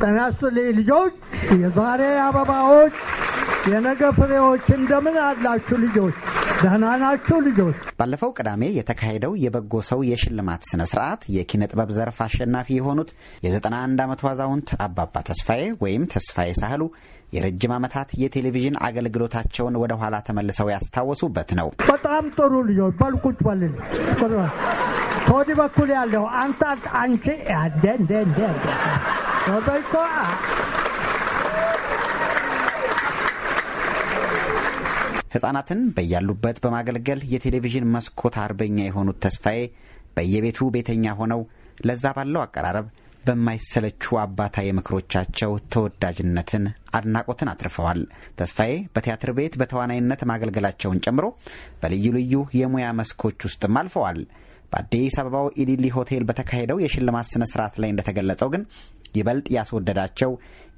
ጤና ይስጥልኝ ልጆች፣ የዛሬ አበባዎች የነገ ፍሬዎች እንደምን አላችሁ ልጆች? ደህና ናችሁ ልጆች? ባለፈው ቅዳሜ የተካሄደው የበጎ ሰው የሽልማት ስነ ስርዓት የኪነ ጥበብ ዘርፍ አሸናፊ የሆኑት የ91 ዓመቱ አዛውንት አባባ ተስፋዬ ወይም ተስፋዬ ሳህሉ የረጅም ዓመታት የቴሌቪዥን አገልግሎታቸውን ወደ ኋላ ተመልሰው ያስታወሱበት ነው። በጣም ጥሩ ልጆች በልቁጭ በልል ከወዲህ በኩል ያለው አንተ አንቺ እንደ ህጻናትን በያሉበት በማገልገል የቴሌቪዥን መስኮት አርበኛ የሆኑት ተስፋዬ በየቤቱ ቤተኛ ሆነው ለዛ ባለው አቀራረብ በማይሰለቹ አባታዊ ምክሮቻቸው ተወዳጅነትን፣ አድናቆትን አትርፈዋል። ተስፋዬ በቲያትር ቤት በተዋናይነት ማገልገላቸውን ጨምሮ በልዩ ልዩ የሙያ መስኮች ውስጥም አልፈዋል። በአዲስ አበባው ኢሊሊ ሆቴል በተካሄደው የሽልማት ስነ ስርዓት ላይ እንደተገለጸው ግን ይበልጥ ያስወደዳቸው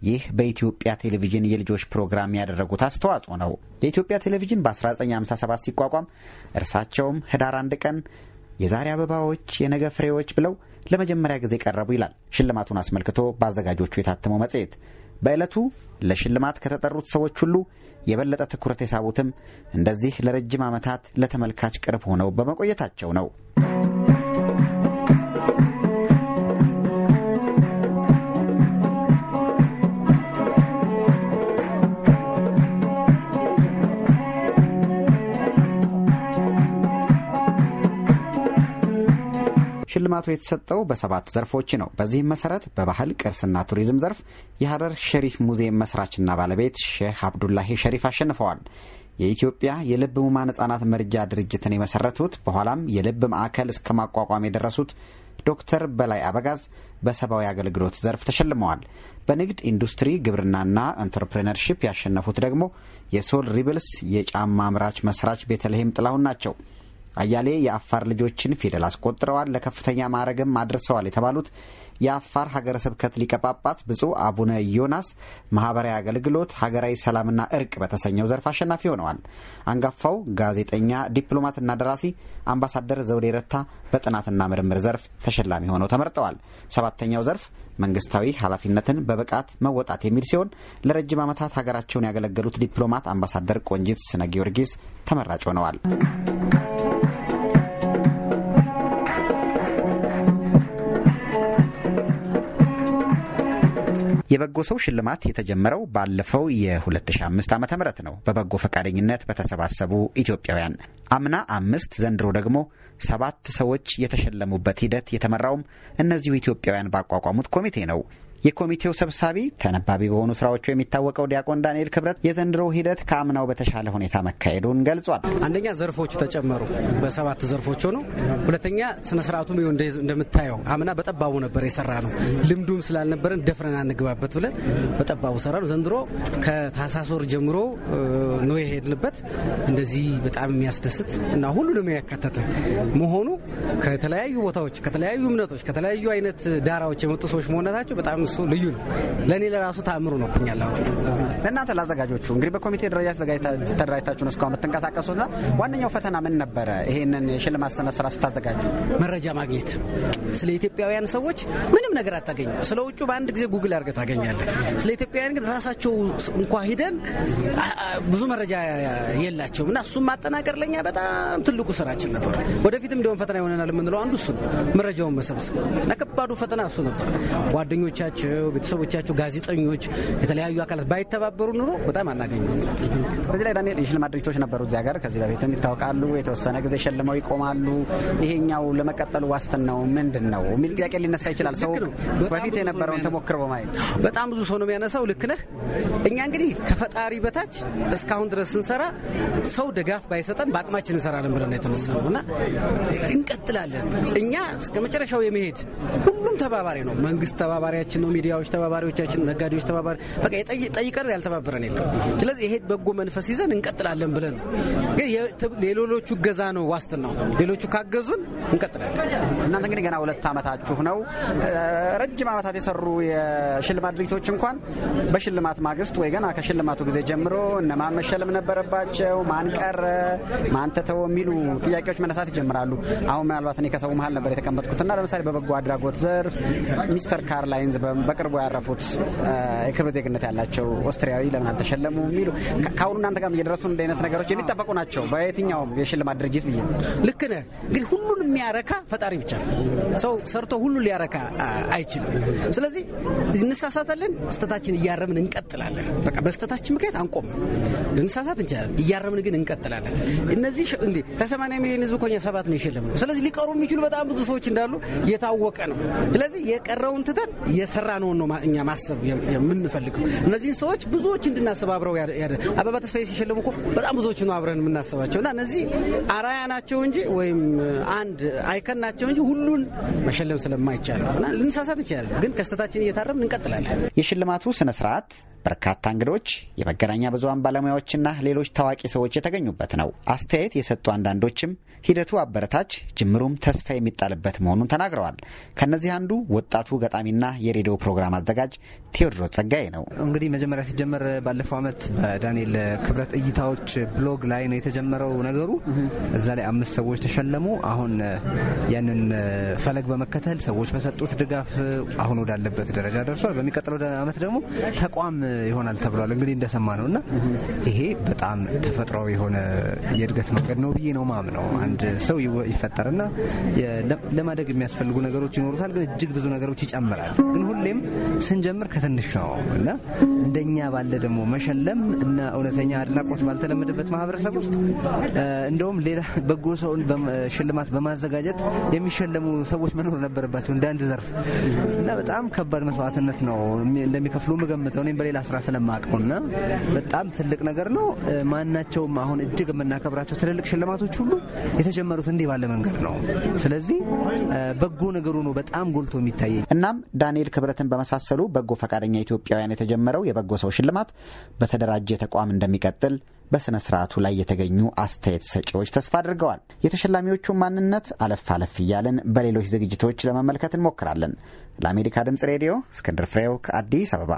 ይህ በኢትዮጵያ ቴሌቪዥን የልጆች ፕሮግራም ያደረጉት አስተዋጽኦ ነው። የኢትዮጵያ ቴሌቪዥን በ1957 ሲቋቋም እርሳቸውም ህዳር አንድ ቀን የዛሬ አበባዎች የነገ ፍሬዎች ብለው ለመጀመሪያ ጊዜ ቀረቡ ይላል ሽልማቱን አስመልክቶ በአዘጋጆቹ የታተመው መጽሔት። በዕለቱ ለሽልማት ከተጠሩት ሰዎች ሁሉ የበለጠ ትኩረት የሳቡትም እንደዚህ ለረጅም ዓመታት ለተመልካች ቅርብ ሆነው በመቆየታቸው ነው። ሽልማቱ የተሰጠው በሰባት ዘርፎች ነው። በዚህም መሰረት በባህል ቅርስና ቱሪዝም ዘርፍ የሀረር ሸሪፍ ሙዚየም መስራችና ባለቤት ሼህ አብዱላሂ ሸሪፍ አሸንፈዋል። የኢትዮጵያ የልብ ሙማን ህጻናት መርጃ ድርጅትን የመሰረቱት በኋላም የልብ ማዕከል እስከ ማቋቋም የደረሱት ዶክተር በላይ አበጋዝ በሰብአዊ አገልግሎት ዘርፍ ተሸልመዋል። በንግድ ኢንዱስትሪ፣ ግብርናና ኢንተርፕሬነርሺፕ ያሸነፉት ደግሞ የሶል ሪብልስ የጫማ አምራች መስራች ቤተልሔም ጥላሁን ናቸው። አያሌ የአፋር ልጆችን ፊደል አስቆጥረዋል፣ ለከፍተኛ ማዕረግም አድርሰዋል የተባሉት የአፋር ሀገረ ስብከት ሊቀ ጳጳስ ብፁዕ አቡነ ዮናስ ማህበራዊ አገልግሎት፣ ሀገራዊ ሰላምና እርቅ በተሰኘው ዘርፍ አሸናፊ ሆነዋል። አንጋፋው ጋዜጠኛ፣ ዲፕሎማትና ደራሲ አምባሳደር ዘውዴ ረታ በጥናትና ምርምር ዘርፍ ተሸላሚ ሆነው ተመርጠዋል። ሰባተኛው ዘርፍ መንግስታዊ ኃላፊነትን በብቃት መወጣት የሚል ሲሆን ለረጅም ዓመታት ሀገራቸውን ያገለገሉት ዲፕሎማት አምባሳደር ቆንጂት ስነ ጊዮርጊስ ተመራጭ ሆነዋል። የበጎ ሰው ሽልማት የተጀመረው ባለፈው የ2005 ዓ ም ነው በበጎ ፈቃደኝነት በተሰባሰቡ ኢትዮጵያውያን። አምና አምስት ዘንድሮ ደግሞ ሰባት ሰዎች የተሸለሙበት ሂደት የተመራውም እነዚሁ ኢትዮጵያውያን ባቋቋሙት ኮሚቴ ነው። የኮሚቴው ሰብሳቢ ተነባቢ በሆኑ ስራዎቹ የሚታወቀው ዲያቆን ዳንኤል ክብረት የዘንድሮው ሂደት ከአምናው በተሻለ ሁኔታ መካሄዱን ገልጿል። አንደኛ ዘርፎቹ ተጨመሩ፣ በሰባት ዘርፎች ሆኖ ሁለተኛ ስነስርዓቱ እንደምታየው አምና በጠባቡ ነበር የሰራ ነው። ልምዱም ስላልነበረን ደፍረን አንግባበት ብለን በጠባቡ ሰራ ነው። ዘንድሮ ከታህሳስ ወር ጀምሮ ነው የሄድንበት። እንደዚህ በጣም የሚያስደስት እና ሁሉንም ያካተተ መሆኑ ከተለያዩ ቦታዎች ከተለያዩ እምነቶች ከተለያዩ አይነት ዳራዎች የመጡ ሰዎች መሆነታቸው በጣም እሱ ልዩ ነው። ለእኔ ለራሱ ተአምሩ ነው ብኛለ። ለእናንተ ለአዘጋጆቹ እንግዲህ በኮሚቴ ደረጃ ተደራጅታችሁ ነው እስካሁን ዋነኛው ፈተና ምን ነበረ? ይሄንን የሽልማት ስነ ስራ ስታዘጋጁ መረጃ ማግኘት። ስለ ኢትዮጵያውያን ሰዎች ምንም ነገር አታገኝም። ስለ ውጩ በአንድ ጊዜ ጉግል አድርገህ ታገኛለህ። ስለ ኢትዮጵያውያን ግን ራሳቸው እንኳ ሂደን ብዙ መረጃ የላቸውም እና እሱም ማጠናቀር ለኛ በጣም ትልቁ ስራችን ነበር። ወደፊትም እንዲሆን ፈተና ይሆነናል የምንለው አንዱ እሱ ነው፣ መረጃውን መሰብሰብ ለከባዱ ፈተና እሱ ነበር። ጓደኞቻቸው ልጆቻቸው፣ ቤተሰቦቻቸው፣ ጋዜጠኞች፣ የተለያዩ አካላት ባይተባበሩ ኑሮ በጣም አናገኙ። በዚህ ላይ ዳንኤል የሽልማት ድርጅቶች ነበሩ እዚህ ሀገር ከዚህ በፊትም ይታወቃሉ። የተወሰነ ጊዜ ሸልመው ይቆማሉ። ይሄኛው ለመቀጠሉ ዋስትናው ምንድን ነው የሚል ጥያቄ ሊነሳ ይችላል። ሰው በፊት የነበረውን ተሞክሮ በማየት በጣም ብዙ ሰው ነው የሚያነሳው። ልክ ነህ። እኛ እንግዲህ ከፈጣሪ በታች እስካሁን ድረስ ስንሰራ ሰው ድጋፍ ባይሰጠን በአቅማችን እንሰራለን ብለን የተነሳ ነው እና እንቀጥላለን። እኛ እስከ መጨረሻው የመሄድ ሁሉም ተባባሪ ነው። መንግስት ተባባሪያችን ነው። ነው ሚዲያዎች ተባባሪዎቻችን፣ ነጋዴዎች ተባባሪ በቃ ጠይቀን ያልተባበረን የለም። ስለዚህ ይሄ በጎ መንፈስ ይዘን እንቀጥላለን ብለን ግን ሌሎቹ እገዛ ነው ዋስትናው። ሌሎቹ ካገዙን እንቀጥላለን። እናንተ እንግዲህ ገና ሁለት ዓመታችሁ ነው። ረጅም ዓመታት የሰሩ የሽልማት ድርጊቶች እንኳን በሽልማት ማግስት ወይ ገና ከሽልማቱ ጊዜ ጀምሮ እነማን መሸለም ነበረባቸው፣ ማን ቀረ፣ ማን ተተወ የሚሉ ጥያቄዎች መነሳት ይጀምራሉ። አሁን ምናልባት እኔ ከሰው መሀል ነበር የተቀመጥኩትና ለምሳሌ በበጎ አድራጎት ዘርፍ ሚስተር ካርላይንዝ በቅርቡ ያረፉት የክብር ዜግነት ያላቸው ኦስትሪያዊ ለምን አልተሸለሙ የሚሉ ከአሁኑ እናንተ ጋር እየደረሱ እንደ አይነት ነገሮች የሚጠበቁ ናቸው በየትኛውም የሽልማት ድርጅት ብዬ ልክ ነህ ግን ሁሉንም የሚያረካ ፈጣሪ ብቻ ነው። ሰው ሰርቶ ሁሉ ሊያረካ አይችልም። ስለዚህ እንሳሳታለን፣ ስህተታችን እያረምን እንቀጥላለን። በቃ በስህተታችን ምክንያት አንቆም፣ ልንሳሳት እንችላለን፣ እያረምን ግን እንቀጥላለን። እነዚህ እንዲህ ከሰማንያ ሚሊዮን ህዝብ ኮኛ ሰባት ነው ነው። ስለዚህ ሊቀሩ የሚችሉ በጣም ብዙ ሰዎች እንዳሉ የታወቀ ነው። ስለዚህ የቀረውን ትተን የሰራ ነውን ነው እኛ ማሰብ የምንፈልገው። እነዚህን ሰዎች ብዙዎች እንድናስብ አብረው ያደ አበባ ተስፋዬ ሲሸለሙ እኮ በጣም ብዙዎች ነው አብረን የምናስባቸው እና እነዚህ አራያ ናቸው እንጂ ወይም አንድ አንድ አይከን ናቸው እንጂ ሁሉን መሸለም ስለማይቻል እና ልንሳሳት እንችላለን። ግን ከስተታችን እየታረም እንቀጥላለን። የሽልማቱ ስነ ስርዓት በርካታ እንግዶች፣ የመገናኛ ብዙሀን ባለሙያዎችና ሌሎች ታዋቂ ሰዎች የተገኙበት ነው። አስተያየት የሰጡ አንዳንዶችም ሂደቱ አበረታች፣ ጅምሩም ተስፋ የሚጣልበት መሆኑን ተናግረዋል። ከእነዚህ አንዱ ወጣቱ ገጣሚና የሬዲዮ ፕሮግራም አዘጋጅ ቴዎድሮስ ጸጋዬ ነው። እንግዲህ መጀመሪያ ሲጀመር ባለፈው ዓመት በዳንኤል ክብረት እይታዎች ብሎግ ላይ ነው የተጀመረው ነገሩ። እዛ ላይ አምስት ሰዎች ተሸለሙ። አሁን ያንን ፈለግ በመከተል ሰዎች በሰጡት ድጋፍ አሁን ወዳለበት ደረጃ ደርሷል። በሚቀጥለው ዓመት ደግሞ ተቋም ይሆናል ተብሏል። እንግዲህ እንደሰማ ነው እና ይሄ በጣም ተፈጥሯዊ የሆነ የእድገት መንገድ ነው ብዬ ነው ማምነው። አንድ ሰው ይፈጠርና ለማደግ የሚያስፈልጉ ነገሮች ይኖሩታል፣ ግን እጅግ ብዙ ነገሮች ይጨምራል። ግን ሁሌም ስንጀምር ከትንሽ ነው እና እንደኛ ባለ ደግሞ መሸለም እና እውነተኛ አድናቆት ባልተለመደበት ማህበረሰብ ውስጥ እንደውም ሌላ በጎ ሰውን ሽልማት በማዘጋጀት የሚሸለሙ ሰዎች መኖር ነበረባቸው እንደ አንድ ዘርፍ እና በጣም ከባድ መስዋዕትነት ነው እንደሚከፍሉ ምገምተው እኔም በሌላ ሌላ ስራ ስለማቅሙና በጣም ትልቅ ነገር ነው። ማናቸውም አሁን እጅግ የምናከብራቸው ትልልቅ ሽልማቶች ሁሉ የተጀመሩት እንዲህ ባለ መንገድ ነው። ስለዚህ በጎ ነገሩ ነው በጣም ጎልቶ የሚታየኝ። እናም ዳንኤል ክብረትን በመሳሰሉ በጎ ፈቃደኛ ኢትዮጵያውያን የተጀመረው የበጎ ሰው ሽልማት በተደራጀ ተቋም እንደሚቀጥል በሥነ ሥርዓቱ ላይ የተገኙ አስተያየት ሰጪዎች ተስፋ አድርገዋል። የተሸላሚዎቹን ማንነት አለፍ አለፍ እያለን በሌሎች ዝግጅቶች ለመመልከት እንሞክራለን። ለአሜሪካ ድምፅ ሬዲዮ እስክንድር ፍሬው ከአዲስ አበባ